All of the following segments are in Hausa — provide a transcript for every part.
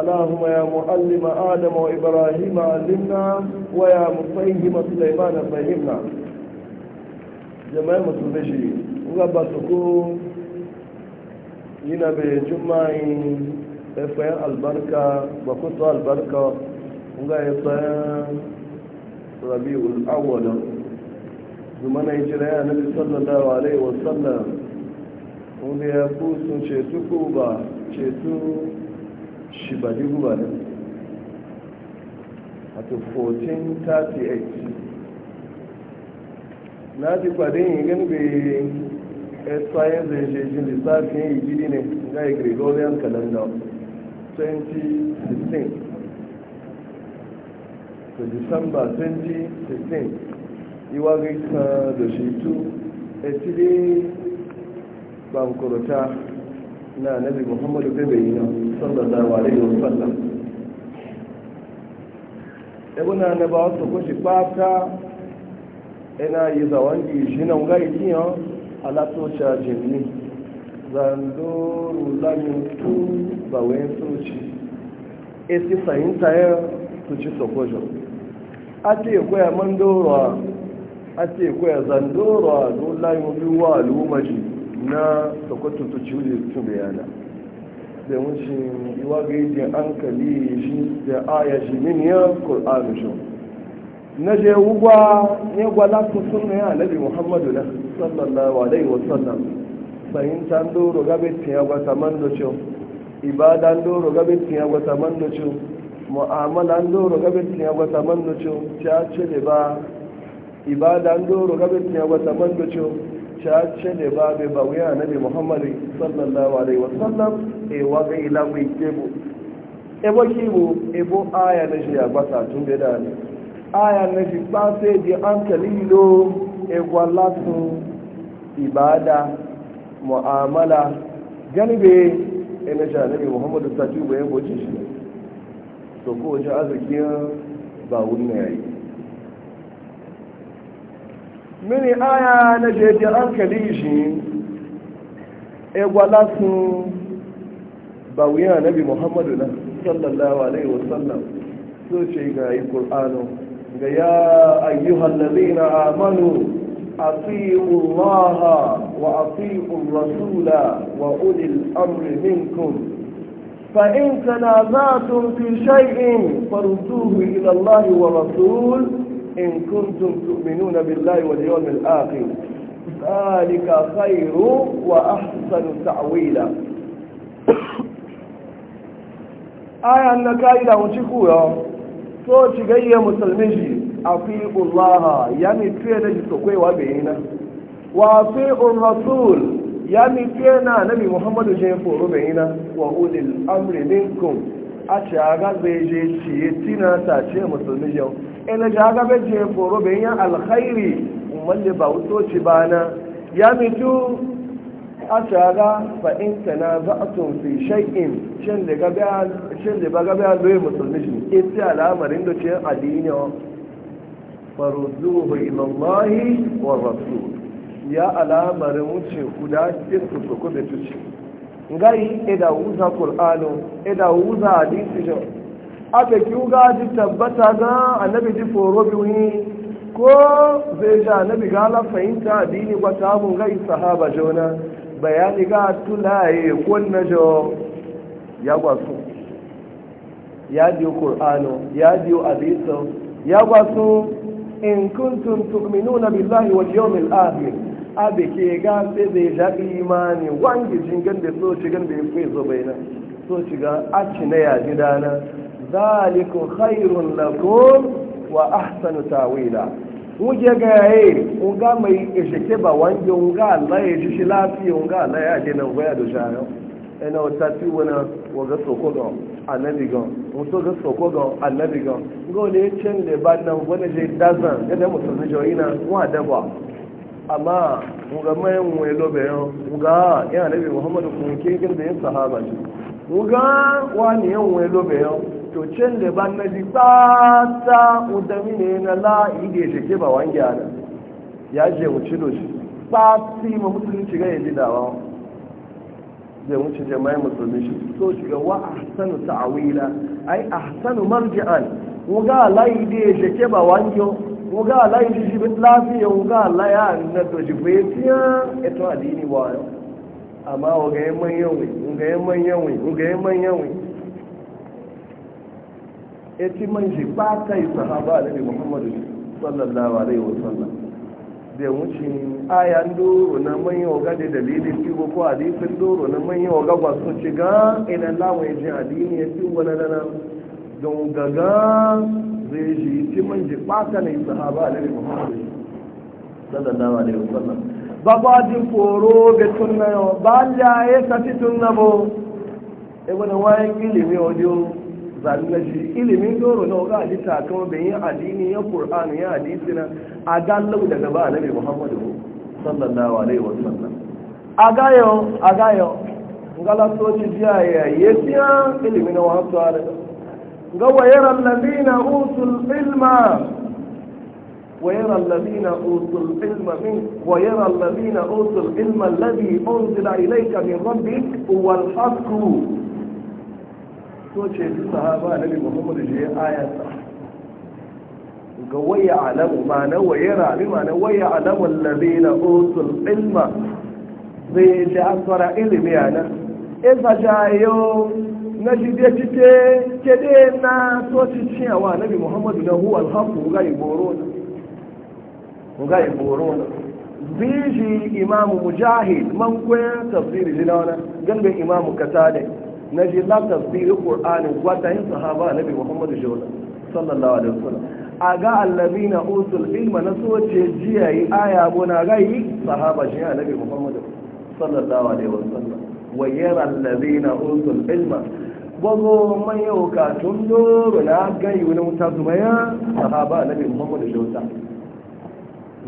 اللهم يا معلم آدم وإبراهيم علمنا ويا مفهم سليمان فهمنا جماعة مسلمشي وغبا سكو ينا بجمعي فيا البركة وكتو البركة وغاية ربيع الأول زمان هجرة النبي صلى الله عليه وسلم وغاية ya kusun كوبا ko shi ba 1438 na ji kwadin yi gani bai esayen zai shejin lissafin yi gidi ne ga yi gregorian calendar 2016 to december 2016 iwa gaisa da shi tu etili bankurta na nabi muhammadu bebe yi na sallallahu alaihi wasallam ibn anaba so ko shi pata ina yi zawangi shi nan ga yi yo ala to cha jinni zando rulamin tu ba wen so chi esi fahimta ya tu ci sokojo ati a ya mandoro ati ko ya zandoro rulamin biwa lumaji na soko tu ci uli tu bayana da shi iwa gajin an kali shi da aya shi min ya ƙul'anu shi na je wugwa ne gwa su sunna ya alabi muhammadu na sallallahu alaihi wasallam fahimta doro gabe tiya gwata man do ciwo ibada doro gabe tiya gwata man do ciwo mu'amala doro gabe tiya gwata man do ciwo ta ce da ba ibada doro gabe tiya gwata man do ciwo cace da ba bai ba wuya nabi muhammadu sallallahu alaihi wasallam e wa ga ila mai kebo e wa kibo e bo aya na shi ya gbasa tun da da ne aya na shi ba sai di an kalilo e gwala sun ibada mu'amala ganibe e eh, na shi anabi muhammadu sallallahu alaihi wasallam ya shi ne so ko wajen arzikin ba wurin yayi من آية نجد يرانك ليجين إغوالاسن إيه باويا نبي محمد صلى الله عليه وسلم سوشي غاية القرآن يا أيها الذين آمنوا أطيعوا الله وأطيعوا الرسول وأولي الأمر منكم فإن تنازعتم في شيء فردوه إلى الله والرسول إن كنتم تؤمنون بالله واليوم الآخر ذلك خير وأحسن تعويلا آية أنك إلى أتكوا توشي جاية مسلمجي أطيعوا الله يعني تفيد جسوكي وبينا وأطيعوا الرسول يعني فينا نبي محمد جيفور بينا وأولي الأمر منكم a ce aga zai je ya tina ta ce musulmi yau ina ji aga bai je foro bai yin alkhairi umarli ba wutoci ba na ya mitu a ce aga fa'in ta na za a fi shaikin shan da ba gabe a zoye musulmi shi ita al'amarin da ce adini faruzuhu ilallahi wa rasu ya al'amarin wuce kuda isu su kube tuci ngai eda uza qur'anu eda uza hadisi jo abe kiuga ji tabbata ga annabi ji foro biwi ko zai ja annabi ga la fahimta addini kwa tabu ngai sahaba jona bayani ga tulaye kunna jo ya gwasu ya diyo qur'anu ya diyo hadisi ya gwasu in kuntum tu'minuna billahi wal yawmil akhir abe ke ga sai da ya jaɗi imani wangi jingan da soci shigan da ya fi zo bai nan so shiga aci na ya ji dana zalikun khairun lakum wa ahsanu tawila wuje ga yayi unga mai ishike ba wangi unga Allah ya ji shi lafiya unga Allah ya ji nan waya da shayo ina wata ti wani wa ga soko ga annabi ga wato ga soko ga annabi ga ngole can le ban nan wani je dazan da mutum ne joina wa da ba amma muga mai muwe lobe yau muga yan alabi muhammadu kun ke gin da yin sahaba ne muga wani yan muwe lobe yau to can da ban na ji ta ta udami ne na la da ya ke ba wani ana ya je mu ci doshi ta si ma musulun shiga ya ji dawa ya wuce jama'in musulun shi so shiga wa a ahsanu ta'awila ai ahsanu marji'an muga la ide shi ke ba wangi wuga ala yi shi lafiya wuga ala ya na eto adini wa amma wuga yan manyan wuga yan manyan wuga eti man ji ba ta yi sahaba da muhammadu sallallahu alaihi wasallam da wuce ayan doro na manyan waga da dalilin tigo ko hadisin doro na manyan oga ba su ci ga idan ya ji adini ya fi wani nana don gaga zai shi ti man ji ɓata na sahaba alaihi muhammadu sallallahu alaihi wasallam baba ji foro ga tunna yau ba la ya tafi tunna mo e wani wayan ilimi audio zanna shi ilimin doro na ga alita kuma bayin addini ya qur'ani ya hadisi na a gallau daga ba alaihi muhammadu sallallahu alaihi wasallam agayo agayo ngala soji jiya ya yesiya ilimin wa tsare يرى الذين أوتوا العلم ويرى الذين أوتوا العلم منك ويرى الذين أوتوا العلم الذي أنزل إليك من ربك هو الحق توجه الصحابة النبي محمد جاء آية ويعلم ما نوى يرى لما نوى ويعلم الذين أوتوا العلم زي جاء صار علم يعني إذا جاء يوم na jide tite kede na soci ciyawa nabi muhammadu na huwa alhaku ga iboro na ga iboro na biji imamu mujahid man koyar tafsiri jina wani gangan imamu katade na ji la tafsiri qur'anin wata yin sahaba nabi muhammadu jona sallallahu alaihi wasallam a ga allabi na usul ilma na soce jiya yi aya gona gai sahaba shi nabi muhammadu sallallahu alaihi wasallam ويرى الذين usul ilma. gwago manyan yau tun doro na gai wani wuta zuma ya sahaba na bin mamu da jota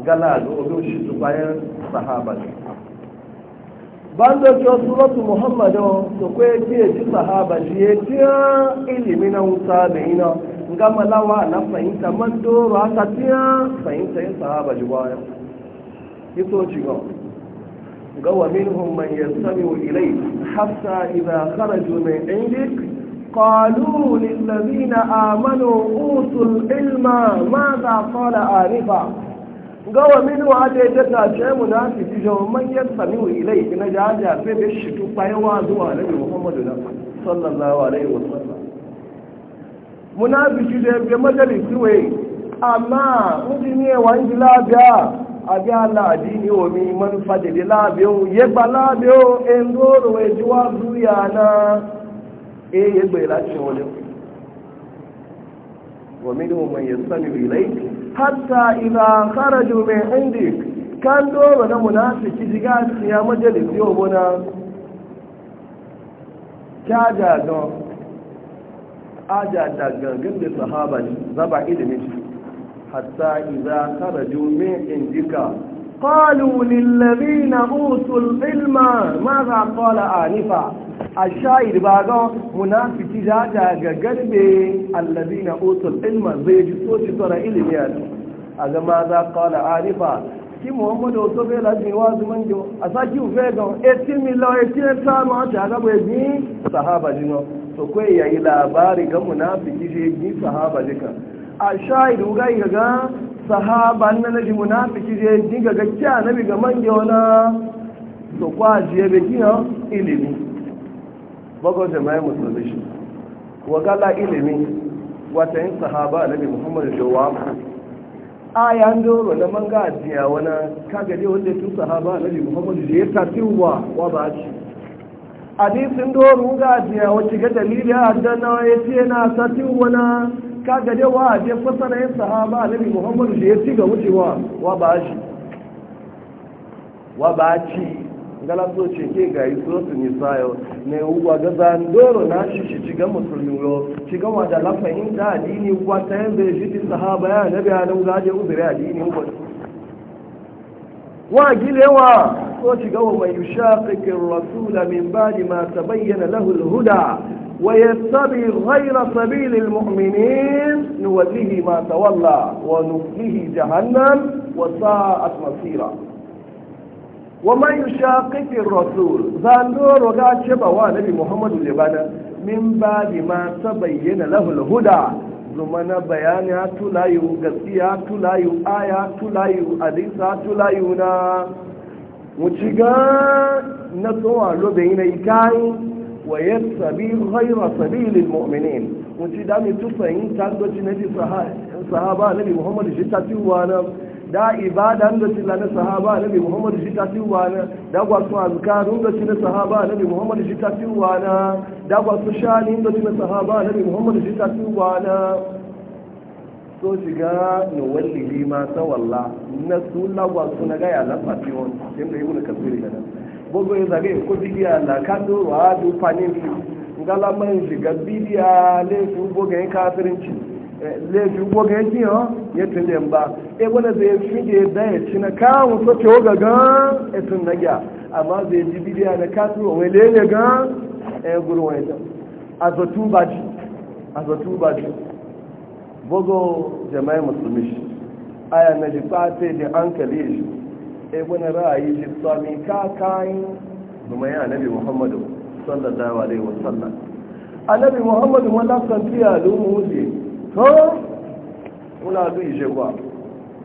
gala ga odo shi su bayan sahaba ne ban da kyau suratu muhammadu da kwaye ke ji sahaba shi ya tiya ilimi na wuta da ina gama malawa na fahimta man doro aka tiya fahimta ya sahaba ji bayan ito ci gaba ومنهم من يستمع إليك حتى إذا خرجوا من عندك قالوا للذين آمنوا أوتوا العلم ماذا قال آنفا gawa min wa da ta ce mu na fi ji man sami wa na jaja fe be shi bayawa zuwa muhammadu sallallahu alaihi wa sallam munafiki da ya majalisi wai amma ne wa injila lafiya. abi ala adini wa mi man fadili la o ye gba la o endoro e juwa zuya na e ye gbe la ti wole wa min hum man yastami'u ilayk hatta idha kharaju min indik kan doro na munafiki diga si ya majalisi o bona kya don aja da gangan da sahaba zaba ilimin hatta idza kharaju min indika قالوا للذين اوتوا العلم ماذا قال انفا الشاعر باغا منافقي جاجا غغربه الذين اوتوا العلم زي صوت ترى علم يا ماذا قال انفا ki muhammadu to be la ni wazu manjo asaki u fe ga 18 million 18 samu a ta gaba ni sahaba dino to ko yayi labari ga munafiki sahaba dika a shahid ugai gaga sahaba na nabi munafiki je diga ga kya nabi ga manje wana to kwa je bai kiyo ilimi bago jama'i musulmi shi wa gala ilimi wata yin sahaba nabi muhammad da wa aya ndoro na manga jiya wana kaga je wanda tun sahaba nabi muhammad je ta tiwa wa wa ba shi A sun doro ga jiya wacce ga dalili a danna ya ce na ta tiwa ka gade wa je fasara yin sahaba nabi muhammadu da ya ci ga wucewa wa ba shi wa ba ci galaso ce ke ga yi so su nisa yau ne uwa ga zandoro na shi shi shiga musulmi yau shiga wa da lafayin da adini uwa ta yin zai shi sahaba ya nabi a nan gaje uzuri adini uwa wa gilewa so shiga wa mai yushaqiqir rasula min ba'di ma ta bayyana al-huda ويتبع غير سبيل المؤمنين نوليه ما تولى ونفله جهنم وساءت مصيرا ومن يشاقق الرسول زاندور وقال شبه نبي محمد لبنا من بعد ما تبين له الهدى زمنا بيانا تلايو قصيا تلايو آيا تلايو أديسا تلايونا وشيغا نتوى لبين إيكاين ويسبيل غير سبيل المؤمنين وانتي دامي تفاين تاندو نبي صحابة نبي محمد جتاتي وانا دا عبادة اندو تلانا صحابة نبي محمد جتاتي وانا دا واسو أذكار اندو تلانا صحابة نبي محمد جتاتي وانا دا واسو شان اندو تلانا صحابة نبي محمد جتاتي وانا so shiga na walli ma ta walla na su lagwa suna gaya lafafi wani yadda yi wani kafiri da nan gbogbo ya zage ya na kando wa du panini ngala man ziga bidiya le fu boga ya kafirinci le fu boga ya kiyo ya tunde ba e wala zai fide da ya ci na kawo so ce ga ga e tun na ya amma zai ji bidiya na kando wa le le ga e guru wa ya azatu baji azatu baji bogo jama'a musulmi aya na jifate da hankali shi Eh, ibn ra'ayi lissami kakayin zumai nabi muhammadu sallallahu alaihi wasallam annabi muhammadu wala san tiya lu muje to wala du ije kwa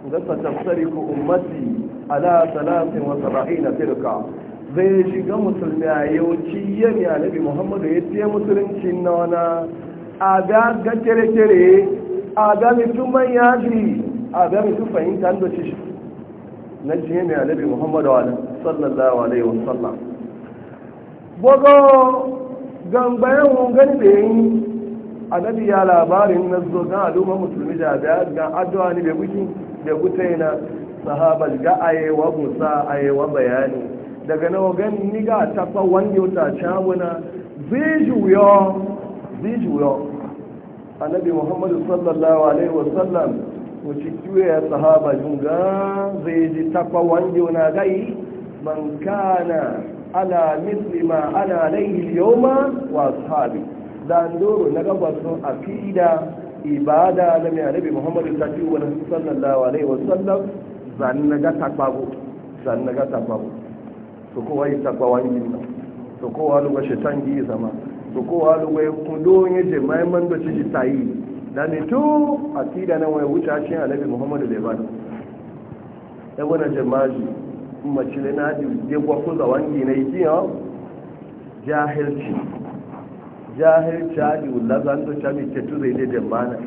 ngasa ku ummati ala 73 firka zai shiga musulmi a yau ciye a nabi muhammadu ya ce musulunci na wana a ga gajere-gere a ga mutum man yaji a ga mutum fahimta da shi na jiye mai alabi muhammadu wa sallallahu alaihi wasallam bugo gambayen wungani da yi alabi ya labarin na zogan al'ummar musulmi da biya ga addu'a ne bai guki da gutai na sahabar ga ayewa musa ayewa bayani daga nawa gani ni ga tafa wani ya tace muna zai juyo zai muhammadu sallallahu alaihi wasallam wuce ya sahaba junga zai ji takwa wanda wana gai man kana ala misli ma ana alaihi yawma wa ashabi dan doro na gaba sun akida ibada na mai annabi muhammadu sallallahu alaihi wasallam zan na ga takwago zan na ga takwago to kowa yi takwa wani na to kowa lugwa shetan gi zama to kowa lugwa kudon yaje mai man da ci tayi da mitu akida nan wai wuce shi annabi muhammadu bai bani ya wani jamaji mace da na ji je gwaku za wangi na yi yau jahilci jahilci adi lazan da ta mice tu zai je jamana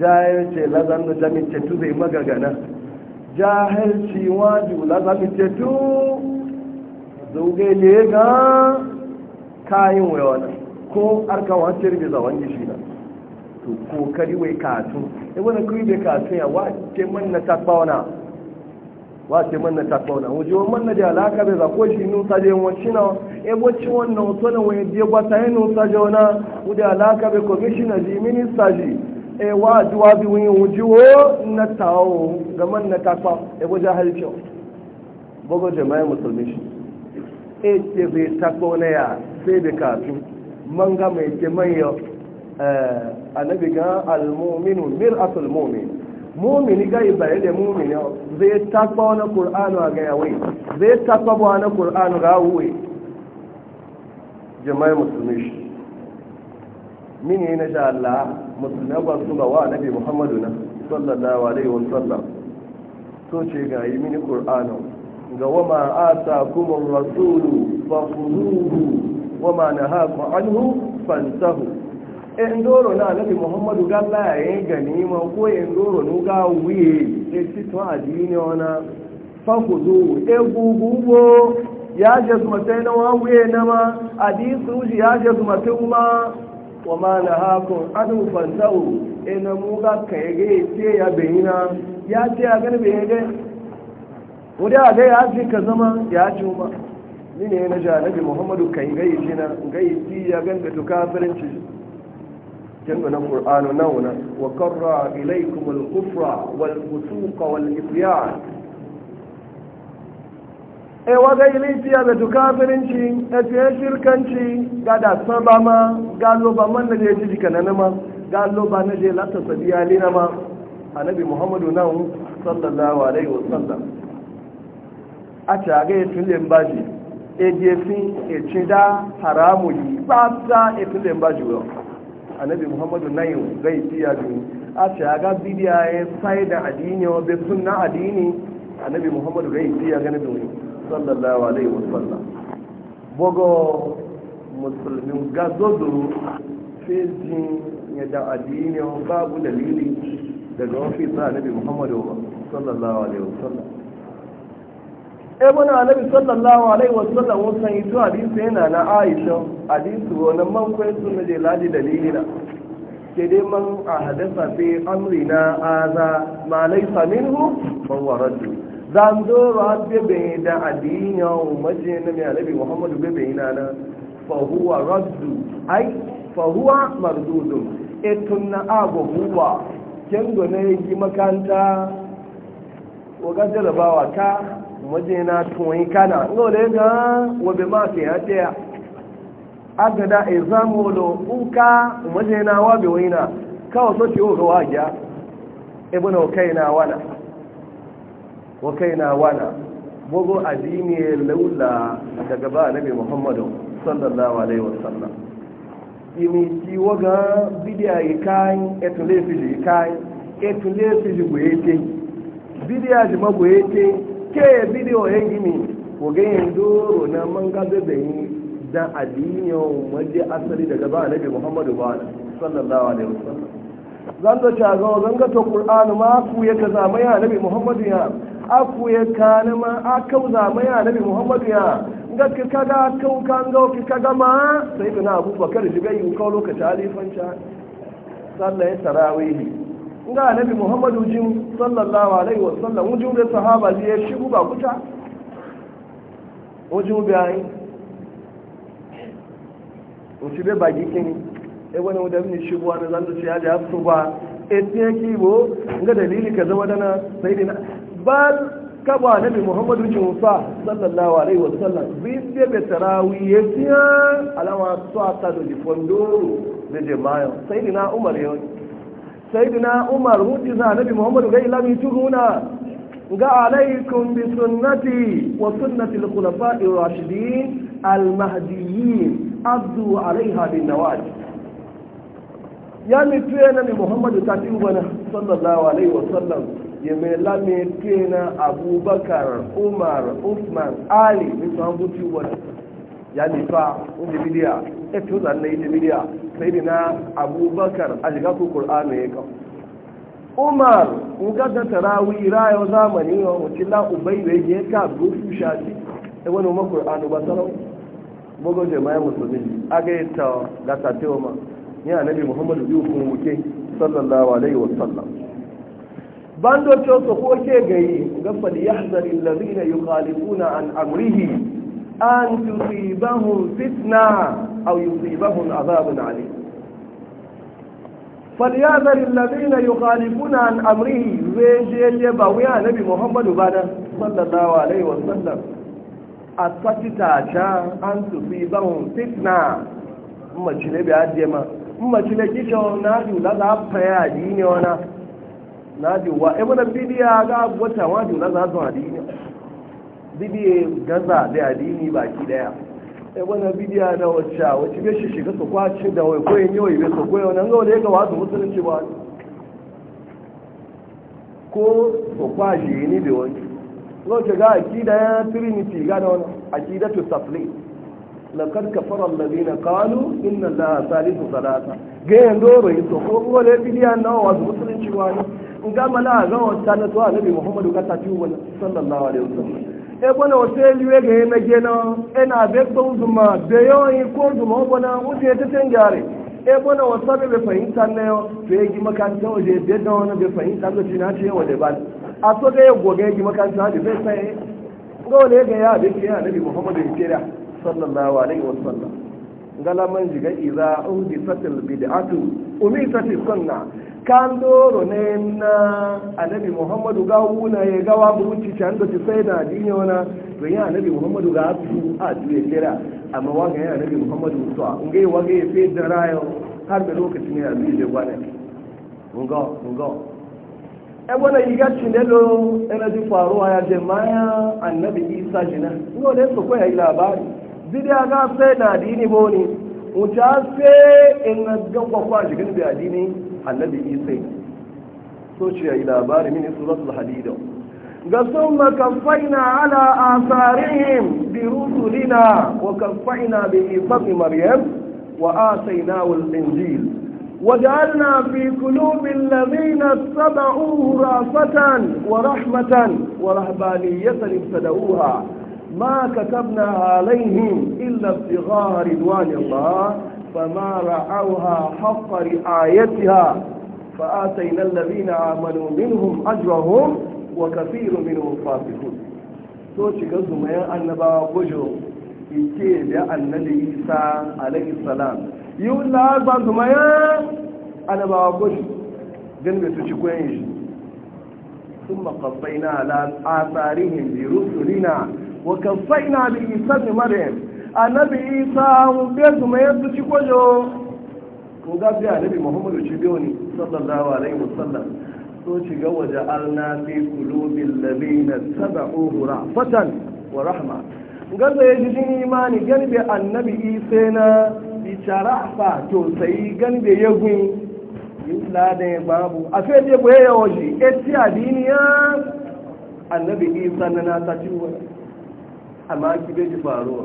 jahilci lazan da ta mice tu zai magagana jahilci waju lazan mice tu zauge ne ga kayan wai wani ko arkawa cirbi za wangi shi na to kokari wai katu e eh, wani kuri da katu ya wace manna ta wace manna ta fauna waje wani manna da alaka bai za ko shi nusa da yawan shi na e wacce wannan wato na wani je gwata ya eh, nusa da wana wuje alaka bai komishina ji minista ji e wa duwa bi wuje wo na tawo ga manna ta fa e wajen halcewa bugu jama'i musulmi shi e ce bai ta ya sai da katu man ga mai ke manyan Eh, annabi ga almominu mir'atul mumin mumini ga ibaye da mumini zai takwa wani qur'anu ga yawai zai takwa wani qur'anu ga wuwe jama'i musulmi shi mini na sha Allah musulmi ba su ga wa annabi Muhammadu na sallallahu alaihi wa sallam to ce ga yi mini qur'anu ga wa ma wama kuma rasulu fakhudhuhu ma nahakum anhu fantahu in doro na nabi muhammadu galla ya yi ganima ko in doro ga wuye sitwa ci tun adini wana fakudu egugubo ya je su matai na wa wuye na ma adisu ji ya je su matai ma wa ma na hakun adu fantau ina e muga ka ya ga ce ya bayina ya ce a gani bayin ga a ga ya ce ka zama ya ci ma ni ne na nabi muhammadu kan gaishe na gaishe ya ganga to kafirin ci كما القرآن نونا وقرى إليكم الكفر والفسوق والإطيان e waga ilisi ya zai kafirinci a fiye shirkanci ga da saba ma ga loba man da je jika na nama ga na je lata sabiya li nama annabi muhammadu nan sallallahu alaihi wasallam a ci a ga yi tulin baji e jefin e cida haramu yi ba ta e tulin baji yau annabi muhammadu nayin zai fiya biyu a ce a ga bidiya ya sai da addini wa bai sunna addini annabi muhammadu zai fiya gani biyu sallallahu alaihi wasallam bogo musulmin ga zozo da adini addini babu dalili daga sa annabi muhammadu sallallahu alaihi wasallam ebon eh, annabi sallallahu alaihi sallam wasan yi to hadisi yana na aisha hadisi wannan man kwai sunna je ladi dalilina ke dai man a hadasa fi na aza ma laysa minhu man waradu zan do rabbe be da adina umaje na mai annabi muhammadu be be na fa huwa raddu ai fa huwa mardudun etunna abu huwa kendo ne yi makanta wa ga ta majina tuwai kana no da ga wabe ma sai ya taya agada examu lo uka majina wabe waina kawo so ti o na ja na ukaina wala ukaina wala bogo adini e laula daga ba nabi muhammadu sallallahu alaihi wasallam imi ti waga bidiya yi kayan etule fiji kayan etule fiji goyete bidiya jima goyete ke bidiyo ya gini ko yin doro na man ga da yi da addinin maji asali daga ba nabi muhammadu ba sallallahu alaihi wasallam zan da ga zan ga to qur'ani ma ku ya zama ya nabi muhammadu ya aku ya kana ma akau zama ya nabi muhammadu ya ga ki kaga kau kan ga ki kaga ma sai kana abubakar shiga ko kawo lokacin alifanci sallan tarawih nga annabi muhammadu jin sallallahu alaihi wasallam wujin da sahaba ya shigo ba kuta wujin bayan wuce bai bagi kini e wani wadda mini shigo wani zan ce ya ji hafsu ba e tiye kibo nga dalili ka zama dana sai dina ba kaba annabi muhammadu jin sa sallallahu alaihi wasallam bi sai bai tarawi ya tiya alama su aka da jifon doro da jama'a sai dina umar yau sayyidina umar mujiza nabi muhammadu gai ilami turuna ga alaikum bi sunnati wa sunnati al-khulafa'i rashidin al-mahdiyyin abdu alaiha bin nawaji ya mi tuye na mi muhammadu ta ti wani sallallahu alaihi wa sallam ya mi lami tuye abubakar umar usman ali mi tuye wani ya nifa inda miliya ya fi zan na inda miliya sai na abubakar a shiga ku kur'anu ya kan umar in gasa tarawi rayo zamani wa mutila ubai da yake ka gufu shafi ya wani umar kur'anu ba sarau bugu jama'a musulmi a ga yadda gasa wa ma a nabi muhammadu biyu kun wuke sallallahu alaihi wasallam bando to su ko ke gayi ga fal yahzar alladhina yukhalifuna an amrihi an tusibahum fitna aw yusibahum adhabun alim فليعذر الذين يخالفون عن ya ويجي باويا نبي محمد بعد صلى ya عليه وسلم cha an tufi bahun fitna mmachile bi adema mmachile kisho na adi ulaza paya adini ona na adi wa ebona bidia ga na wa za adini bidiyo gaza da adini baki daya e wannan bidiya na wacce wacce bai shi shiga su kwace da wai koyin yau yi su koyo nan ga wanda ya gawa su musulunci ba ko su kwashe ni da wani lokacin ga akida ya trinity ga da wani akida to safli lakar kafarar lalina qalu inna la salisu salata ga yin doro yi so ko wani da bidiya na wasu musulunci ba ne in ga mala ga wata na to annabi muhammadu ka tafi wani sallallahu alaihi wasallam ebe na wata eliwe ga eme na ina na zuma da yawan ko zuma wana wuce ta can gyare ebe na wata bai bai fahimta na yau to ya gi makaranta waje bai da wani cina ce na da ba a ga ya goga ya gi makaranta da bai sai ga ga ya bai kira muhammadu ya kira sallallahu alaihi jiga iza bid'atu kandoro na na anabi muhammadu ga wuna ya ga wa buci can da ci sai na dini wana to ya anabi muhammadu ga su a duye kira amma wa ga annabi muhammadu to an ga wa ga ya fe da rayo har da lokacin ya bi da gwana ngo. munga e bona yiga cinelo ena di faruwa ya jama'a annabi isa jina ngo ne so ko ya labari bidiya ga sai na dini boni wuta sai in ga gwakwa jikin bi adini annabi isa so ce yi labari mini suratul hadida ga sun makafaina ala asarihim bi rusulina wa kafaina bi isa maryam wa asaina al-injil وجعلنا في قلوب الذين اتبعوه رافة ورحمة ورهبانية ابتدعوها ما كتبنا عليهم إلا ابتغاء رضوان الله فما رعوها حق رعايتها فآتينا الذين آمنوا منهم أجرهم وكثير منهم فاسقون توشي قصد ما يأنبا وجهه ike da annabi isa alaihi salam yiwu na ba su maya annabawa gudu gan da ci kwayan shi sun makasai na wa na annabi isa mu be su mai yadda ci kwajo ko ga bi annabi muhammadu ci biyo ne sallallahu alaihi wasallam so ci ga waje alna fi na saba ohura fatan wa rahma gaza ya ji jini imani ganibe annabi isa na icharafa to sai ya gun yula da babu a fe je boye shi eti ya annabi isa na na ta ci amma ki be ji faruwa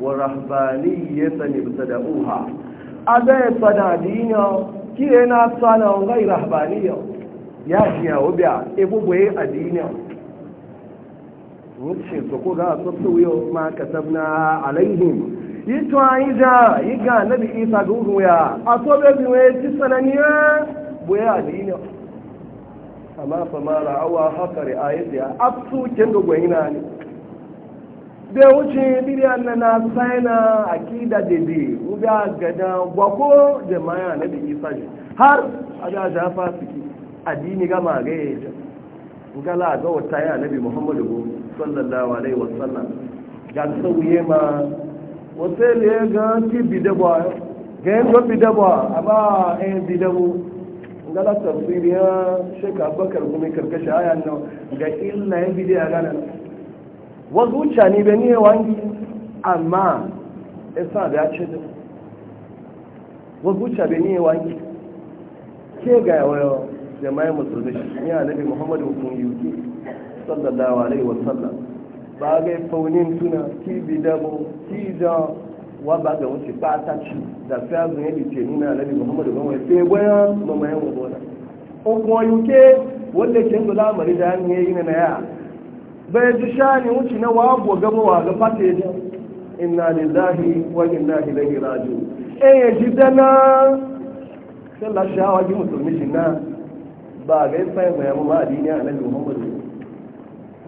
wa rahbaniyatan ibtada'uha aga Ki kire na wa ngai rahbaniyo ya jiya obia boye adiniyo wuce to ko ga sassu yo ma katabna alaihim Yitwa tuwaija yi ga nabi isa gudun ya asobe so be biwe ci sananiya boye adiniyo amma fa mara awa haka ri'ayatiya absu kendo ga gwayina ne bai wuce bidiyan na na akida dede uga gada gwako jama'a na da isa har a ga jafa suke addini gama ga ya yi gala ga wata ya nabi muhammadu sallallahu alaihi wasallam ga sauye ma wata ga ti bidabwa a ba yin bi gala tafsiriya shekaru bakar kuma karkashin ayan wasu wuce ne bai ne wangi amma ya sa da ya ce da wasu wuce bai ne wangi ke ga yawayo jama'in musulmi shi a nabi muhammadu hukun yuki sallallahu alaihi wasallam ba ga faunin tuna ki dabo, ki da wa ba ga wuce ba ta ci da fiyazun ya dice ni na nabi muhammadu hukun yuki sai gwaya mamayen wabona hukun yuki wanda ke zula mari da hannu ya yi na ya bai ji shani wuce na wago gaba wa ga fata ya ji inna lillahi wa inna ilaihi raji'un E ya ji dana sallah shawa ji musulmi shi na ba ga fayin bayan ma a nabi muhammadu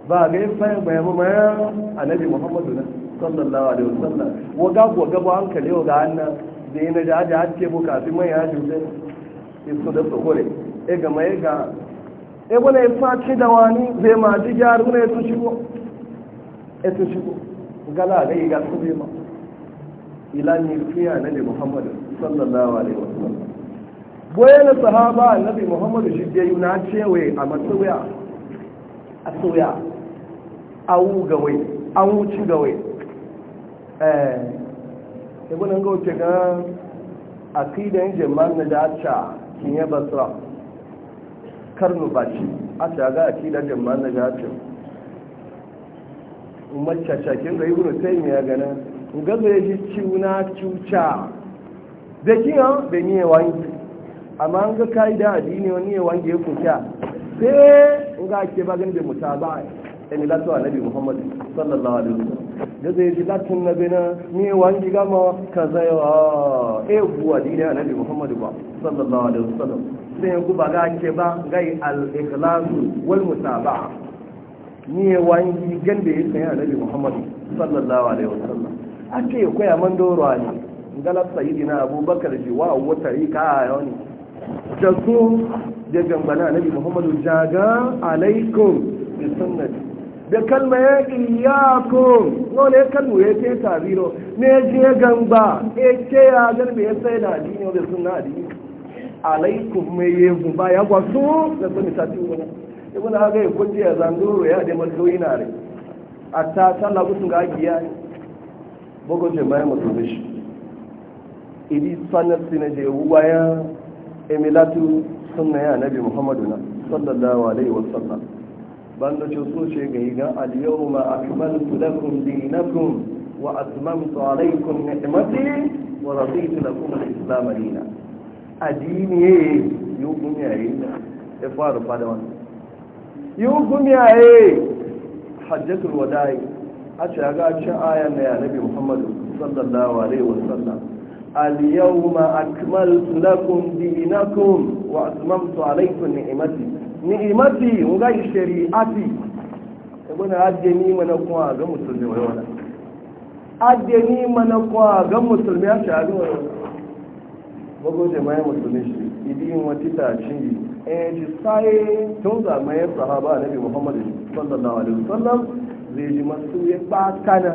ba ga fayin bayan ma nabi muhammadu na sallallahu alaihi wasallam wa ga go gaba hankali waga ga da yi na jaji hakke bu kafin mai ya ji su da sokore e ga mai ga e Efa fa ci da wani zai ma ji jaru ne to shigo e to shigo gala ga yi ga su bai ma ila ni fiya na ne muhammad sallallahu alaihi wasallam boye na sahaba annabi muhammad shi je yuna cewe a matsuya a soya awu ga wai an wuci ga wai eh e wala ga wuce ga na jama'an da basra karnu baci a shaga a kidan jama'an na gafin umarci ga da ibn taimi ya gana gaza ya ji ciuna cuca da kiyo da ni ya wangi amma an ga ka'ida addini wani ya wange ku kya sai ga ke bagan da mutaba yani latuwa bi muhammad sallallahu alaihi wasallam gaza ya ji latin na bina ni ya wangi gama zai wa ebuwa eh, dini bi muhammad ba sallallahu alaihi wasallam sai ba ga ke ba gai al-ikhlasu wal mutaba'a ni ya wangi ganda ya sanya annabi Muhammad sallallahu alaihi wasallam ake koya man doro ne galab sayyidina Abubakar ji wa wa tarika ayoni da su da gambana annabi Muhammad jaga alaikum bi sunnati da kalma ya kun wani ya kalmu ya ce tabiro ne je gamba ya e ce ya zarbe ya sai da adini wadda suna adini alaikum mai yehu ba ya kwaso da sun ta ci wani ibn haka yi kunje ya zanduro ya da yi na rai a ta tsalla kusur ga agiya ne bugun jama'a mutu da shi idi sanar sine da yawu bayan emilatu sunna ya nabi muhammadu na sallallahu alaihi wasallam banda ce so ce ga yi gan al-yawma akmaltu lakum dinakum wa atmamtu alaykum ni'mati wa raditu lakum al-islam dinan addini yi yi da ya faru fada wani hajjatul a ce a ayan na yanabi muhammadu sallallahu alaihi wasallam اليوم أكملت لكم دينكم وأتممت عليكم نعمتي نعمتي وغاي شريعتي يقول أدني من أقوى غمت الميوانا أدني من أقوى gbogbo jama'in musulmi shi idin yin wata tashi a eh, ji sai tun zamayin sahaba nabi muhammad sallallahu alaihi wasallam zai ji masu ya bakana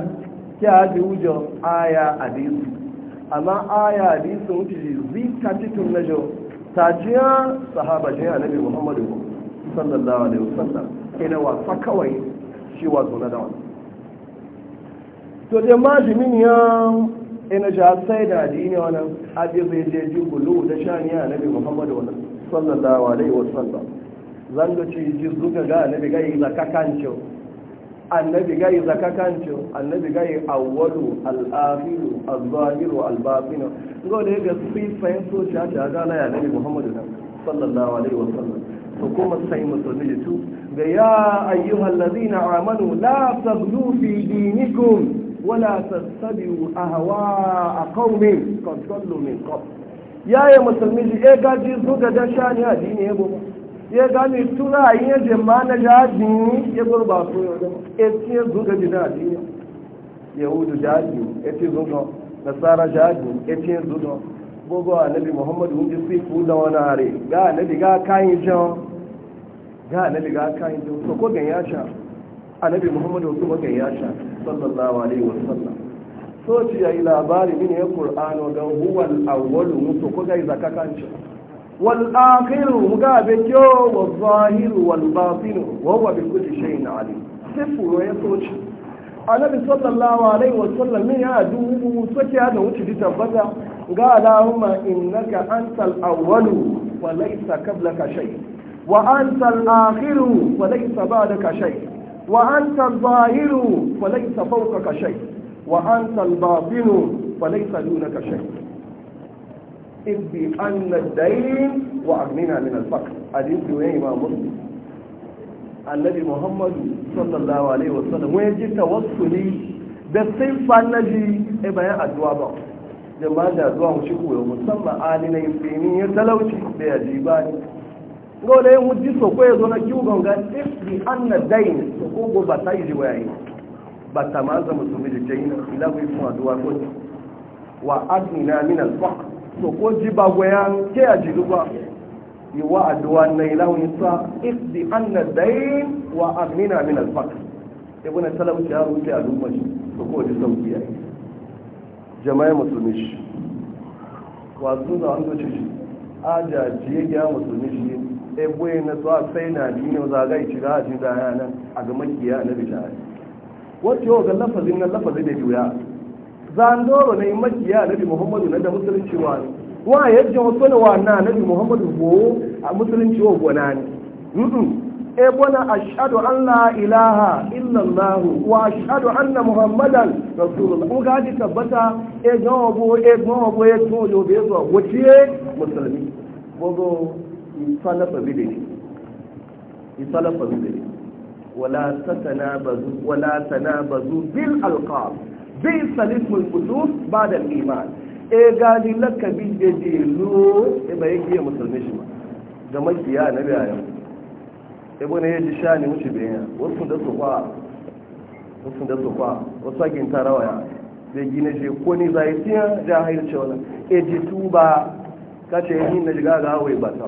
ki ji wujo aya hadisi amma aya hadisi wuce ji zika cikin najo tajiya sahaba shi a nabi muhammad sallallahu alaihi wasallam ina wasa kawai shi wa zo na dawa to jama'a jiminiyan ina ja sai da addini wannan abin zai je ji gulu da shani ya nabi muhammad wannan sallallahu alaihi Zan zanga ci ji zuga ga annabi ga yi zakakanci annabi ga yi zakakanci annabi ga yi awwalu al-akhiru az-zahiru al-batin gole ga su sifan so ja ta ga la ya nabi muhammad sallallahu alaihi wasallam to kuma sai musulmi tu ga ya ayyuhallazina amanu la taghlu fi dinikum wala tattabi'u ahwa qaumin qad dallu min qabl yaye musulmi ji e ga ji su ga da shani addini ya bo ya ga mi tura yin je mana da addini ya gurba so yo e ce zu ga ji da addini yahudu da addini e ce zu ga nasara da addini e ce zu ga bogo annabi muhammadu mun ji sifu da wani are ga annabi ga kayin jan ga annabi ga kayin jan so ko gan annabi muhammadu kuma kan ya sha sallallahu alaihi wasallam so ci yayi labari mini ya qur'ano dan huwa al-awwal musu ko gai zakakanci wal akhir muga be kyo wa Zahiru wal batin wa huwa bi kulli shay'in alim Sifu ya so ci annabi sallallahu alaihi wasallam mini ya dubu sake ya da wuce tabbata ga allahumma innaka antal awwalu wa laysa qablaka shay wa antal akhiru wa laysa ba'daka shay' وأنت الظاهر فليس فوقك شيء وأنت الباطن فليس دونك شيء إذ بأن الدين وأغننا من الفقر حديث يوين إمام مسلم النبي محمد صلى الله عليه وسلم ويجي توصلي بالصفة النجي إبا أدوابا جماعة أدوابا شكوه مسمى آلنا يفيني يتلوشي بيجيباني dole yin hujji so ko ya zo na kiwu ganga isbi anna dain so ko go ba sai yi. wayi ba ta ma za musulmi da jayin ila ko ifun aduwa ko wa na min al faq so ko ji ba goyan ke a ji duba yi wa aduwa na ila eh, ni sa isbi anna dain wa adnina min al faq ibn salam ya rubuta a duba shi so ko ji sauki yi. jama'a musulmi shi wasu da an zo ci ajaji ya musulmi shi eboye na su sai na dini za a ici ga a da yanan a ga makiya na ne wacce yau ga lafazi na lafazi da juya na yi makiya bi muhammadu na da musulunci wa ne wa yadda wasu na wa na bi muhammadu ko a musulunci wa gona ne ebona ashadu an la ilaha illallah wa ashadu anna muhammadan rasulullah ko gaji tabbata e gawo bo e gawo bo e to be zo wace musulmi isalafa bidiri isalafa bidiri wala tatanabazu wala tanabazu bil alqab bi salifu al-qulub ba'da al-iman e gani lakabin da jelo e bai yi musulmi shi ba ga makiya na biyayen ibu ne ya ji sha ne wuce bayan wasu da su kwa wasu da su kwa wasu agin tarawaya Bai gina shi ko ni zai tiya da hairce wani e ji tuba kace yin na shiga ga hawai ba ta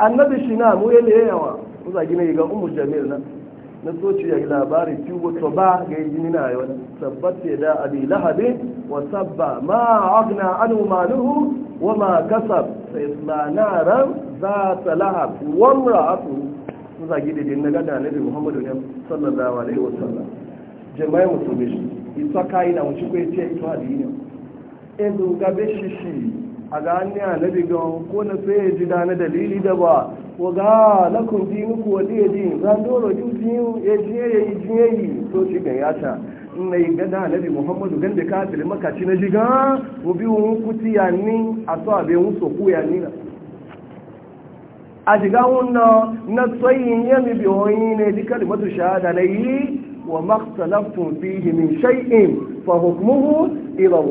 annabi shi na mu yele yawa mu zagi ne ga Umar jamil na na soci ya labarin tubo to ba ga jini na yau tabbata da abi lahabi wa sabba ma agna an umaruhu wa ma kasab na ran za ta lahab wa imra'atu mu zagi da jini na annabi muhammadu ne sallallahu alaihi wasallam jama'i musulmi ita kai na wuce ko ce ita hadini ezu gabe shishi a ga hannun annabi ga ko na sai ya ji na dalili da ba ko ga lakun ji muku wa ɗaya ji za doro ji ji ya ji ya yi ji ya yi so shi ga yata in na yi gada bi muhammadu gan da kafin makaci na jiga mu biyu mun kuti ya ni a so abe mun so ku ya ni na a jiga wunna na tsayin yami biyoyi ne ji kalimatu shahada na yi wa maktalaftun fihi min shay'in fa hukmuhu ila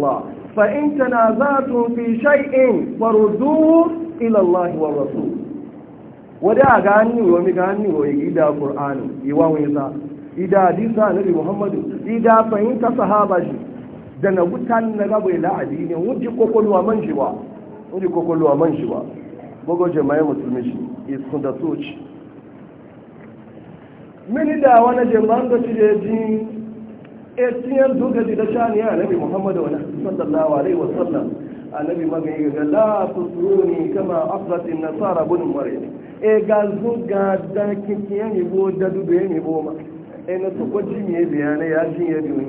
فإن تنازعتم في شيء فردوه إلى الله والرسول ودا غاني ومي غاني ويدا قرآن يواوي ذا إذا حديث النبي محمد إذا فهمت صحابه da na wutan na gaba ila addini wuji kokoluwa man shi ba wuji kokoluwa man shi ba bugo jama'a musulmi shi iskun da soci mini da wani jama'an da shi etiyan duka da shani ya nabi muhammad wa sallallahu alaihi wa sallam annabi magani ga la tusruni kama afratin nasara bun maryam e ga zuga da kiyan yibo da dudu yin yibo ma e na to ko ne e bayana ya jin ya biwi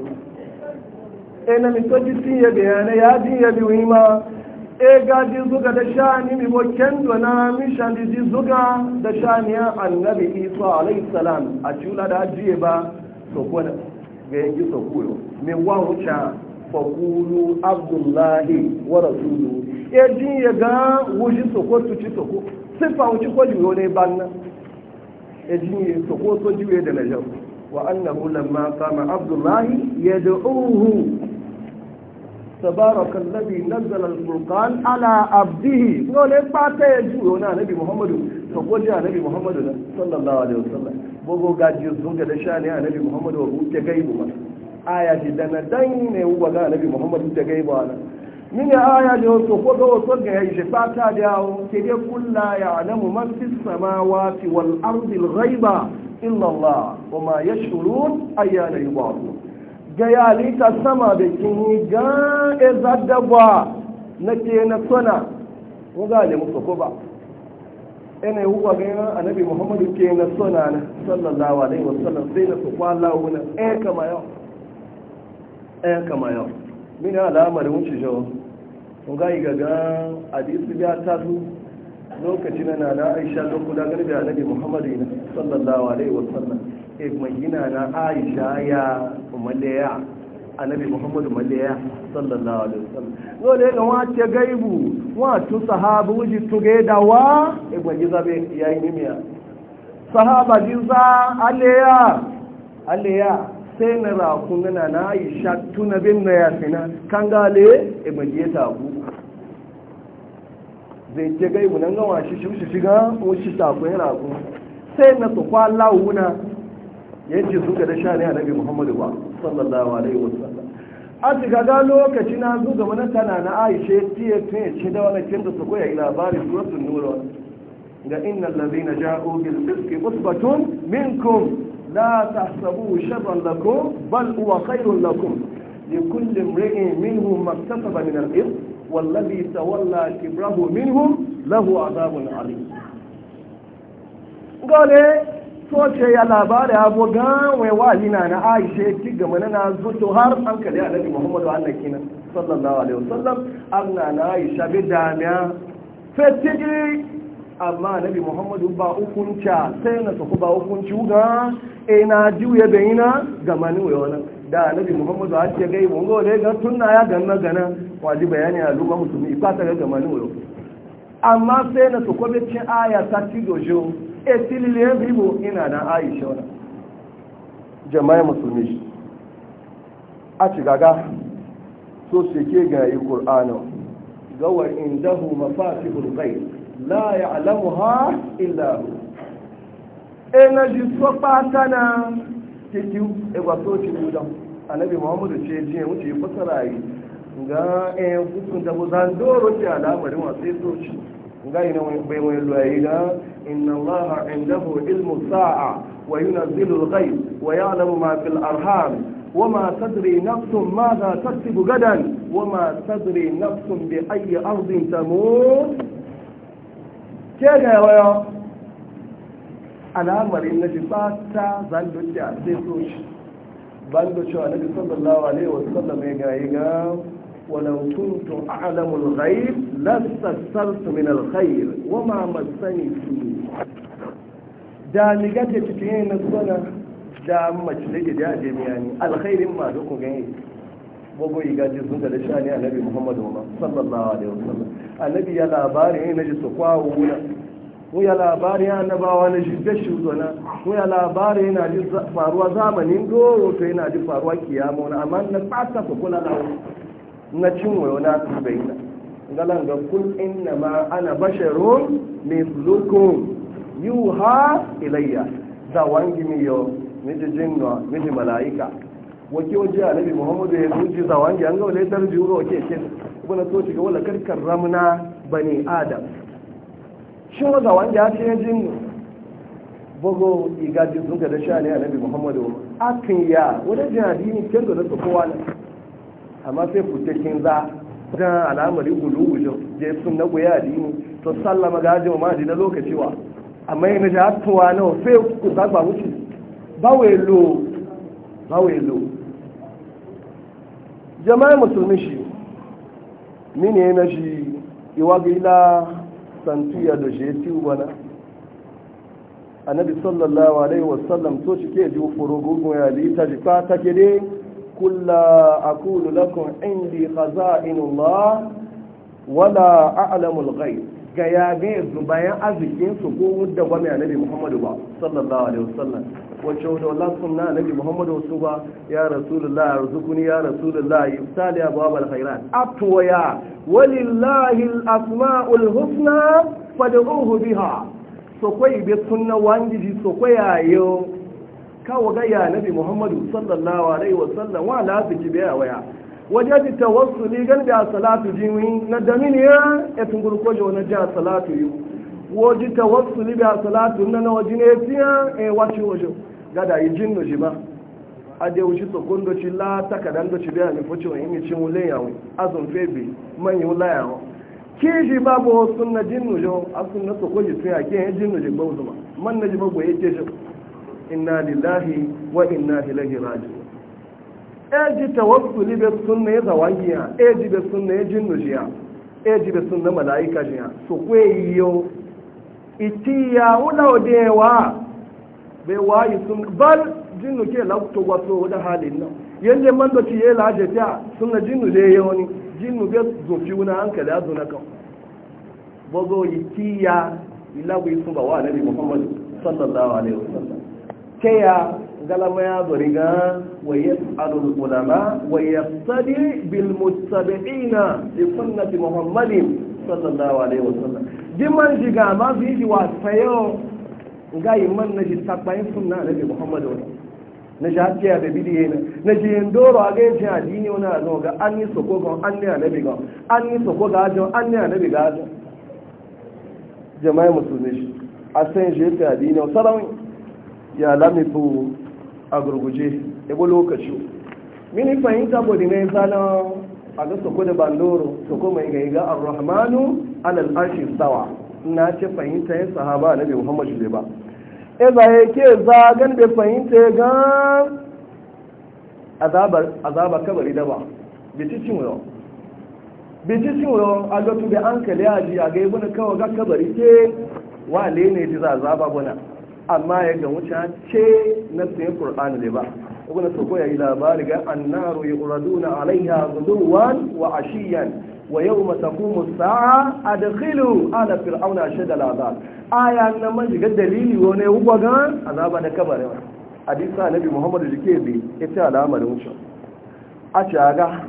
e na mi to ya biya ne ya jin ya biwi ma e ga di zuga da shani mi bo kendo na mi shandi di zuga da shani ya annabi isa alaihi salam a jula da jiye ba to ko ga yanki sau kuro mai wawuca fagulu abdullahi wa rasulu ya e ji ya ga wujin soko ci soko sai fahimci kwaji yau ne ban nan ya e ji ya soko so jiwe da na jan wa an lamma kama abdullahi ya da uhu sabara kallabi nazzala alfurqan ala abdihi yau ne ba ta ya ji yau na nabi muhammadu soko ji a nabi muhammadu sallallahu alaihi wasallam bogo gaji sun ga da shani nabi muhammadu wa buke gaibu ma aya ce da na dan ne wuwa ga nabi muhammadu ta gaibu ana mini aya ne wato ko ga wato ga yayi shi ba ta da yawo ke dai kullu ya'lamu man fis samawati wal ardi al ghaiba illa allah ko ma yashurun ayyana yi ga yali ta sama da kin ga e na ke na suna ko ga ne musu ko ba yana yi ga yana annabi muhammadu ke na suna na sallallahu alaihi wasallam sai na su kwalla wuna ɗaya eh, kama yau ɗaya eh, kama yau mini alamar wuce jawo sun ga gaga hadisi ya tasu lokaci na nana aisha don kuda garbi annabi muhammadu na sallallahu alaihi wasallam e eh, gina na aisha ya umalaya annabi muhammadu maliya sallallahu alaihi wasallam dole ga wace gaibu wato sahaba wuji tuge da wa e gwaji zabe yayi nimiya sahaba jinza aleya aleya sai na rakun na na aisha tuna bin na yasina kan gale e gwaji ta ku zai je gaibu nan ga washi shi shiga wuci ta ku yana sai na tukwa launa yanci suka da sha ne a nabi muhammadu ba sallallahu alaihi wasallam a cika ga lokaci na ga mana tana na aisha tiye tiye ce da wani kin da su koya labarin suratul nuna. ga innal ladina ja'u bil fisqi usbatun minkum la tahsabu sharran lakum bal huwa khairun lakum لكل minhum منهم ما اكتسب من الاثم والذي تولى kibrahu minhum lahu عذاب alim. Gole, ce ya labari abu ganwe wajina na aisha ci gama na na zuto har hankali annabi muhammadu allah kina sallallahu alaihi wasallam anna na aisha bi damiya fetigi amma annabi muhammadu ba hukunca sai na tafi ba hukunci ga ina e juya bayina gama ni wayona da annabi muhammadu har ce gai wongo ne ga tunna ya ganna gana waji bayani a lugha musulmi ba ta ga gama ni amma sai na tafi bi cin aya ta ci dojo etililiyan bibo ina na aisha wani jama'a musulmi shi a cigaga so suke ga yi ƙur'anu gawa indahu mafati hulgai la ya alamu ha illahu ina e ji so pata na kikiu ewa so ci budan annabi muhammadu ce jiya wuce ya fasara yi ga ƴan e, hukun da buzan doro ce alamarin wasu ya so غير بين الوهيدا إن الله عنده علم الساعة وينزل الغيب ويعلم ما في الأرحام وما تدري نفس ماذا تكسب غدا وما تدري نفس بأي أرض تموت كيف يا ويا الأمر إن جباتا زندو جاء زيتوش بندو شو النبي صلى الله عليه وسلم يقول ولو كنت أعلم الغيب لاستكثرت من الخير وما مسني السوء da ni gaje cikin na suna da mace da da je mi yani alkhairin ma duk kun yi bogo yi gaje sun da shani annabi Muhammad sallallahu alaihi wasallam annabi ya labarin ne ji su kwawo wuna ko ya labari ya annabawa na shirge shugana ko ya labarin yana ji faruwa zamanin doro to yana ji faruwa kiyama wani amma na fata ku kula da na cin wayo na su bai na galan ga kul inna ma ana basharun mithlukum yuha ilayya za wangi mi yo miji jinna miji malaika wake waje annabi muhammadu ya zuci za wangi an ga wale tarji wuro wake ke kuma to shiga wala karkar ramna bani adam shin wa za wangi ya ce jinna bogo igaji sun ga da shani annabi muhammadu akin ya wani jihadi ne kendo da kowa ne amma sai fitakin za dan al'amari guluwujin je sun na goya dini. to sallama gajin ma na lokaci wa amma ina da hatuwa na sai ku zagba wuce wai lo wai lo jama'a musulmi shi mini na shi gila santiya da shi ti wana annabi sallallahu alaihi wasallam to shi ke ji furo gugun ya lita jifa ta dai كلا أقول لكم عندي خزائن الله ولا أعلم الغيب gayage bayan arzikin su ko wadda ba mai annabi Muhammadu ba sallallahu alaihi wasallam wacce wadda Allah sunna annabi Muhammadu su ba ya rasulullah yarzuquni ya rasulullah yuftali abwab alkhairat atwaya walillahi asmaul husna fad'uhu biha so koi be sunna wangi so koyayo kawo ga ya nabi muhammadu sallallahu alaihi wasallam wa la su kibe a waya waje ji tawassuli gan da salatu jinwi na damini ya etin gurkojo na ja salatu yi waje tawassuli da salatu na na ya ne tiya e wace waje gada yi jin nuji ba a da wuce tsokon doci la takadan doci biya mi fuce wani mi cin wulen yawon azun febe manyan wula yawon kiji babu sunna jin nujo a sunna tsokon ji tuya ke yin jin nujo gbau zuma man na ji babu ya ke shi inna lillahi wa inna ilaihi raji'un eji tawassuli be sunna ya zawangiya eji be sunna ya jinnu jiya eji be sunna malaika jiya so kwe yiyo ya wula odewa be wayi sun bal jinnu ke to waso da halin nan yalle man da ciye laje ta sunna jinnu je yoni jinnu be zofi wuna hankali azuna kan bogo ya ila wi sun ba wa nabi muhammad sallallahu alaihi wasallam كيا galama ya ya ga waye alul ulama waye tsari bil mustabi'ina li sunnati muhammadin sallallahu alaihi wasallam diman jiga ma bi yi wa sayo ga man na ji sabayin sunna nabi muhammadu wani. na ji hatiya da bidiye na na ji ndoro aga jini wani a zo ga an yi soko ga an ne annabi ga an yi soko ga ajo an ne annabi ga ajo jama'a musulmi a san je ta adini ya lamitu a gurguje ebo lokaci mini fahimta bodi na zana a ga soko da bandoro soko mai gaiga a rahmanu alal arshi sawa na ce fahimta ya sahaba bi muhammadu ne ba e za ya ke zagan da fahimta ga azaba kabari da ba biticin Bici cin wuyo a lotu da an kale aji a ga ibina kawai ga kabari ke wale ne ji za a zaba bana amma ya ga wuce ce na sayan Qur'ani da ba su sako yi labari ga annaru na alaiha zuwan wa ashiyan wa yau mata kuma saa adkhilu ala fir'auna ashad da azab aya na man ga dalili wani uba ga azaba da disa hadisi Muhammadu Muhammad jike bi ita alamar wuce a ci aga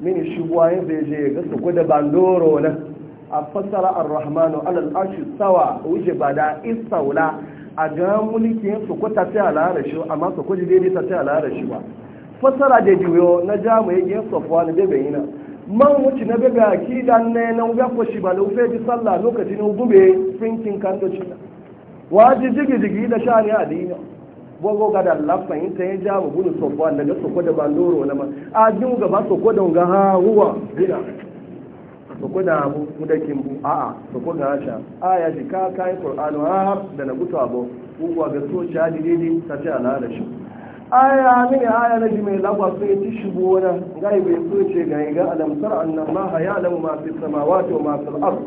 mini shubuwa yin zai je ga su kuda bandoro nan a fassara ar-rahmanu alal arshi sawa wuce ba da istaula a ga mulkin su ko ta ta alarashi amma su kuji daidai ta ta alarashi ba fassara da juyo na jamu yake yin sofuwa na bebe yana man wuce na bebe a kidan ne na wuya ko shi ba da wufe ji sallah lokacin gube finkin kan da cina waji jigi jigi da shani a dina bogo ga da lafan ta ya ja jamu gudu sofuwa daga soko da bandoro na ma a jin gaba soko da wuga ha huwa gina ba ku damu ku dake mu a a ba ku ga sha aya ji ka kai qur'anu har da na gutu abu? ku wa ga so sha di di ta ta ala da shi aya min aya na ji mai lawa sai ti shubo na gai bai so ce ga ga alam sar anna ya ya'lamu ma fi samawati wa ma fi al-ard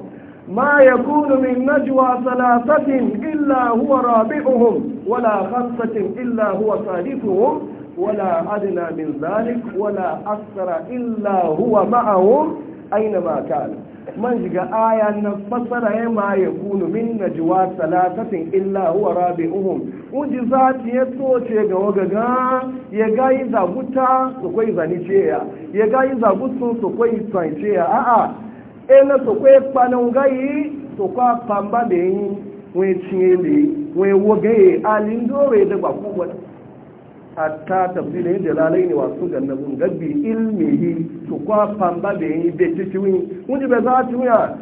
ma yakunu min najwa thalathatin illa huwa rabi'uhum wala khamsatin illa huwa sadiquhum wala adna min dhalik wala akthara illa huwa ma'ahum aina ma kana man shiga aya na fasara ya ma ya kunu min najwa salatatin illa huwa rabi'uhum uji zati ya toce ga wagaga ya ga yi zaguta su zani zanice ya ya ga yi zagutsu su kwai tsance ya a'a ena su kwai panan gayi su kwa pamba de yi wai cinye da yi wai alindore alin dore da ba hatta tafsirin dalalai ne wasu gannabin gabbi ilmihi su kwa famba da yin bai ci ciwi wani bai za ci wuya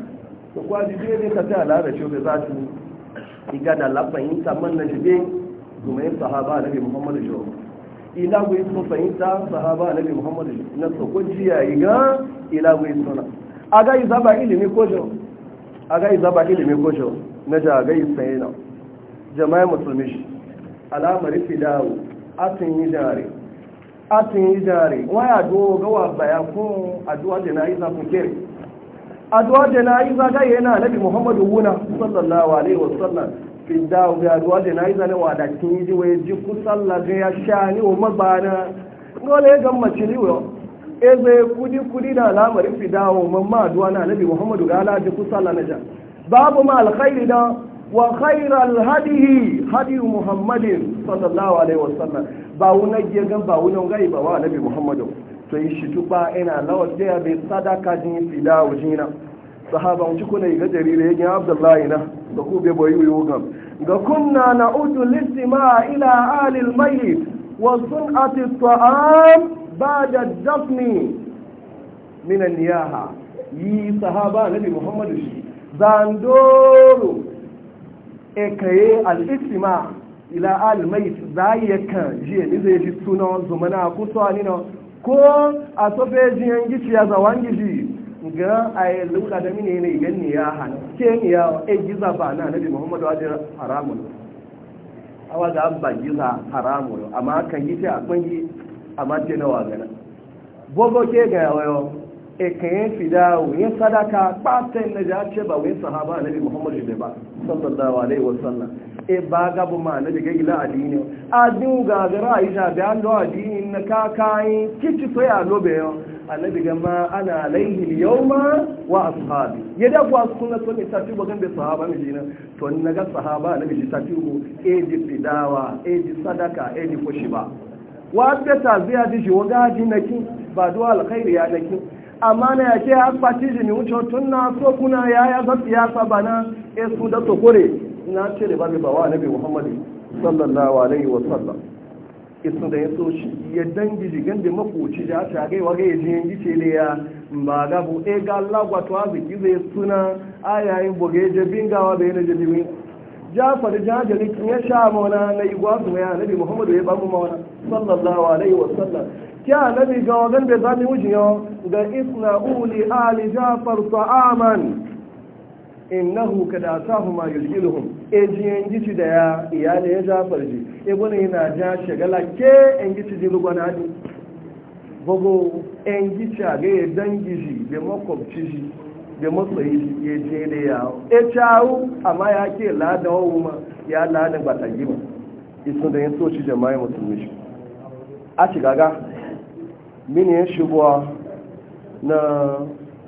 su kwa ji bai ne ka ta alara shi bai za ci wi iga da lafahimta man na shi kuma yin sahaba na bi muhammadu shi ila gwai sun fahimta sahaba na bi muhammadu shi na sako jiya iga ila gwai suna a ga zaba ilimi ko jo a ga zaba ilimi ko jo na ga jagai sayina jama'a musulmi shi alamar fidawo atin yi jare atin yi jare wọ́n àdúwọ́ gọ́wà bàyà fún àdúwà jẹ̀náìzà fún kẹrì àdúwà jẹ̀náìzà gáyẹ̀ náà nabi muhammadu wuna sallallahu alaihi wasallam fi dáwò bí ne wa ní wà dàkín yí ji ku salla sallagẹ́ ya sha ni o magbana gọ́lẹ̀ gan maciliyo eze kudi kudi da al'amarin fi dawo mamma àdúwà na nabi muhammadu ku salla na ja babu ma alkhairi da وخير الهدي هدي محمد صلى الله عليه وسلم wuna جيغان ba, wa ونبي Muhammadu. to yi shi tuba ina lawar da bai sadaka jin fida wajina sahaba wuce kuna ga jarire gina abdullahi na da ku bai boyi yogan ga kunna na'udu listima ila alil mayyit wa sun'ati at'am ba'da dafni min an-niyaha yi sahaba nabi muhammadu shi zandoro e yi al'isima ila almait za yi kan jiye ni zai ji suna zumana kusa ni na ko a sofe jiyan gici ya wangi ji ga a yi lura da mini ne gan ni ya hana ke ni ya e giza ba na nabi muhammadu wa jira haramun awa da ba giza haramun amma kan gici a kwangi amma ce na wa gana bobo ke ga yawayo ekayen fida wuyin sadaka ɓatan na ce ba wuyin sahaba na bi muhammadu bai ba sallallahu alaihi sannan e ba gabu ma na daga gila adini adin gagara a yi shabi an lo adini na kakayi kici ya lobe yau annabi ma ana alaihi yauma wa asuhabi ya da kuwa na son ita tuba gan da sahaba na jina to na ga sahaba na bi ta tubu e di fidawa e di sadaka e di ba wa ta ziyar da shi wa gaji ki ba duwa alkhairi ya ki. amma na yake ya kwaci shi ne wuce tun na so kuna ya ya zafi ya saba na esu da sokore na ce da babu bawa nabi muhammadu sallallahu alaihi wa sallam isu da ya so shi ya dangi jigan da makoci da ta gai wa gai jiyan ce da ya ma gabu e eh ga Allah wato aziki zai suna ayayin boge je bingawa da yana jabi jafar jajali kin ya sha mauna na igwa su ya nabi muhammadu ya mu mauna sallallahu alaihi wa sallam kya nabi ga wagan da zami wujin yau ga isna uli ali jafar ta'aman innahu kada asahu ma yulhiluhum e ji yangici da ya iyali ya jafar ji e gwani yana ja shagala ke yangici ji lugwana ji gogo yangici a ga ya dangi ji da makwabci ji da matsayi ji ya je da ya e cawu amma ya ke lada ma ya lada ba ta gima isu da yin soci jama'a musulmi shi a shiga ga mini ya shigowa na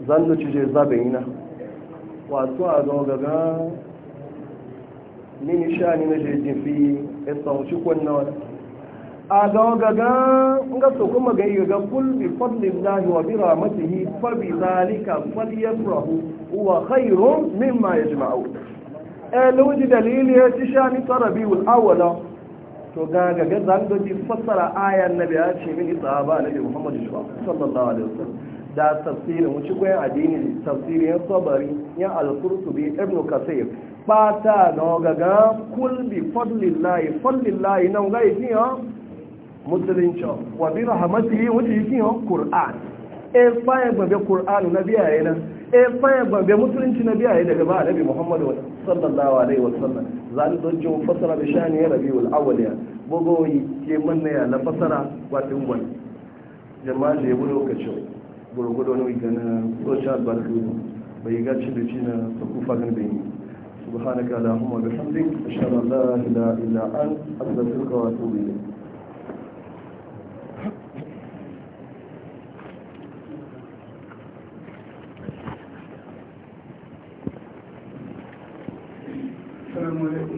zandu cije zabayina wato a gaugaga mini shani na jejin fi ya sauci kwanna wani a gaugaga nga so kuma ga yi ga kul bi fadlin lahi wa bi rahmatihi fa bi zalika falyafrahu huwa khairun mimma yajma'u eh lawji dalili ya ci shani tarabi al awwala to ga ga ga zan doji fassara ayan nabi ya ce mini sahaba nabi muhammad sallallahu alaihi wasallam da tafsirin wuce goyen addini tafsirin ya sabari ya al bi ibn kasir bata na ga ga kul bi fadlillahi fadlillahi na ga yi ha musulunci wa bi rahmatihi wuce yi ha qur'an e fa ya gbe qur'an nabi ya e eh, faya ba bai musulunci na biya daga ba annabi muhammadu sallallahu alaihi wasallam zan don jin fasara da shani ya rabi wal awwal ya yi ke manna ya na fasara watin wani jama'a da yabo lokacin gurgudo ne gana social albarku bai ga ci da cina ta kufa gan bai subhanaka allahumma bihamdik ashhadu an la ilaha illa anta astaghfiruka wa atubu ilayk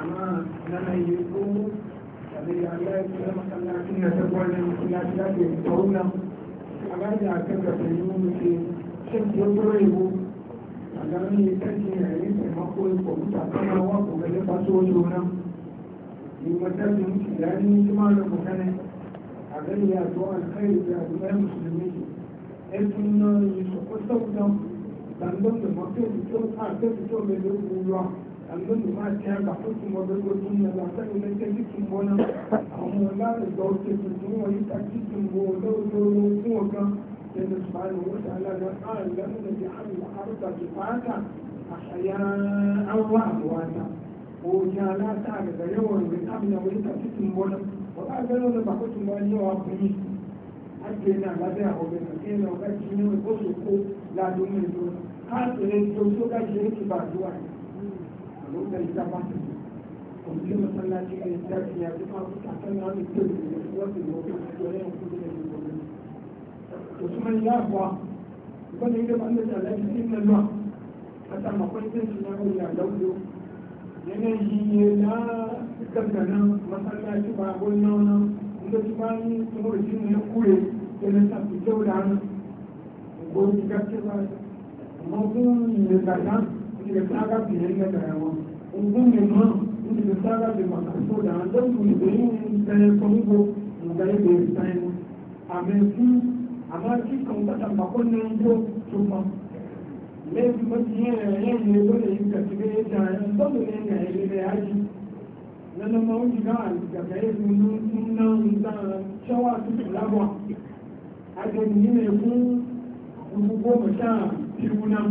amma na mai yi tsoro saboda Allah ya kula masallacin da ta gwanin masallaci da ke tauna a gani a kan da sai yi mutu shin ko tsoro ko a gani ne kan shi ne yin taimako ko mutane wa ko ga da fasu wajen nan ni matakin mutu da ni kuma da mutane a gani ya zo alkhairi da abubuwan musulmi ɗan tun ان البنت ما كان بحكم وبرجل كنا نحتاج إلى كذبكم ولا هم لا الزوج كذبكم ويتأكدكم ولو تروكوك لأن سبحانه وتعالى قال لم نجعل الأرض كفاتا أحياء وأمواتا وكان لا تعرف يوم بالأمن ويتأكدكم ولا وقال لنا بحكم وأن يوافقني أجينا لديه وبنسينا وكان جميع الأسر لا دون دون هذا الجزء كان جميع بعد واحد inganta ba kuma masallaci ne ya ce ya duka a kan wani kyau da wani lokaci da yawan kudu da yankunan da su mai ya kuwa wanda ya gaba an da tsallaki cikin nan ba a tsamakon cin shi na hanyar lauyo yanayi ne na gagganin masallaci ba gwamna wani inda su bayan tsohon shi ne ya kure da na tafi kyau da hannu gwamnati gaske ba amma kuma ne gagganin limesaka kujenga tayawao ungumi mno mtu limesaka limakasoda ndo kuibeini mtayekohivo mugaibeisaimu amesi amakika mpata makone njo tuma lezi masiyeyeyebole yikatibeetayo ndomulengaelileaji nana mawuji gaali gagaezi nna nta shawa tutulabwa adeniyine ku dubu goma sha biyu nan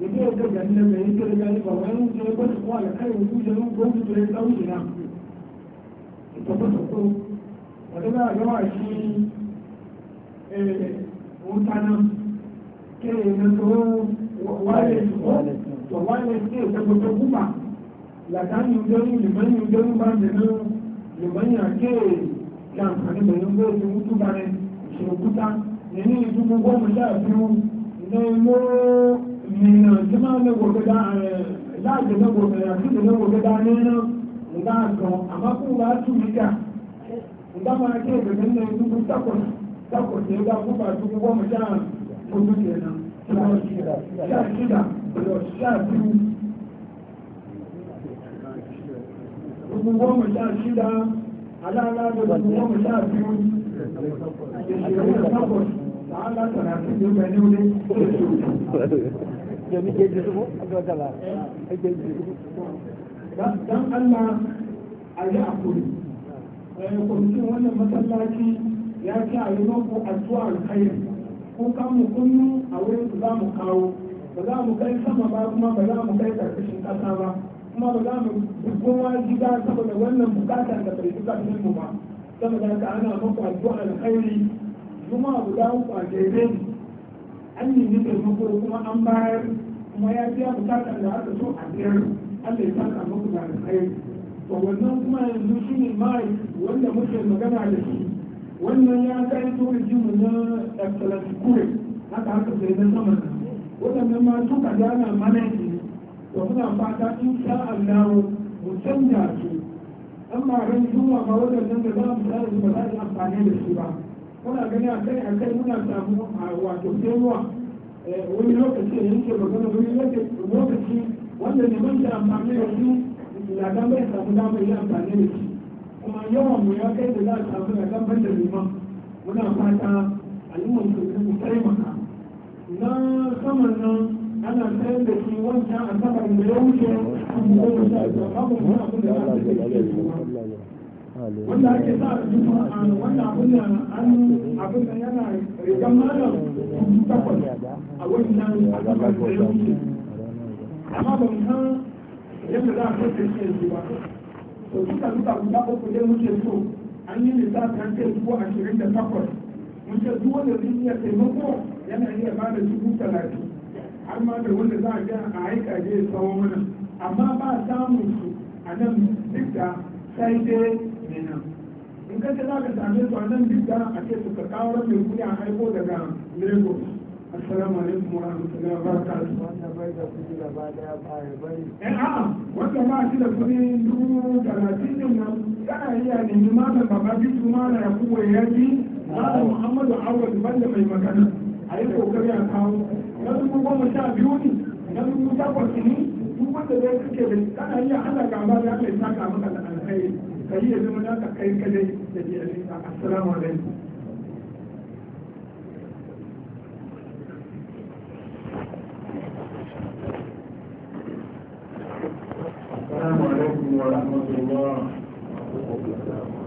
ya je ya daga inda mai yi kira gani ba wani wuce ya bata kowa ya kai wuce ya wuce ko ya tsawo shi nan ita bata ko wata za a gama shi mutanen kere na tsoro wale to wale ke ta bata kuma latani ujaru limani ujaru ba da nan limani a ke ya amfani da yin gobe mutu ba ne shi rukuta ne ne dubu goma sha biyu ne mo na jama na gobe da la je na gobe ya fi na gobe da ne na ko ba tu mika nga ma ke ga nan ne duk ta ko ta ko ne mu jan ko duk na ta shi da ta shi sha biyu dubu goma sha shida alala da dubu goma sha biyu da shirin da takwas domin ke ji zuku a ga gaba a ke ji zuku dan Allah a yi hakuri eh, kwamitin wannan masallaci ya ce a yi maku addu'a alkhairi ko kan mu kunnu a ko za mu kawo ba za mu kai sama ba kuma ba za mu kai karkashin kasa ba kuma ba za mu kowa ba saboda wannan bukatar da bai zuba mu ba saboda haka ana ko maku addu'a alkhairi juma'a guda uku a jere an nemi taimako kuma an bayar kuma ya biya bukatar da aka so a biyar Allah ya saka muku da alkhairi to wannan kuma yanzu shi ne mai wanda muke magana da shi wannan ya kai to rijimu na excellence kure haka haka sai da sama nan wannan ma duka yana mana ne to muna fata insha Allah mu canja su amma ran zuwa ba wannan da za mu sa su ba za su amfani da shi ba muna gani a kai a kai muna samu wato kewa eh, wani lokaci da yake magana wani lokaci wanda ne mun da amfani da shi ladan bai samu damar yi amfani da shi kuma yawan mu ya kai da za a samu ladan ban da liman muna fata al'ummar su mu taimaka na saman nan ana sayar da shi wancan saman da ya wuce kuma kuma da abin da za a da shi wanda ake sa a wanda abin da an abin da yana rigan malam takwas a wannan amma ban san yadda za a kasance shi yanzu ba to duka duka guda uku muke so an yi lissafi an ce dubu ashirin da takwas duk wanda zai iya taimako yana iya ba da dubu talatin har ma da wanda za a ga a aika je ya mana amma ba samun su a nan duk da sai dai in ka ce ka same su a nan duk da a ce su ka kawo mai kuya a haifo daga lagos assalamu alaikum wa rahmatullahi wa barakatuh wanda bai da kudi da ba da baya bai eh a'a wanda ba shi da kudi dubu talatin din nan kana iya nemi malam baba bisu malam ya kuwa ya ji malam muhammadu awad banda mai magana a yi kokari a kawo na dubu goma sha biyu ne na dubu takwas ne duk wanda zai kake da kana iya hada gaba da ya kai saka maka da alkhairi ka yi yanzu muna ka kai kadai da iyalinka assalamu alaikum السلام عليكم ورحمة الله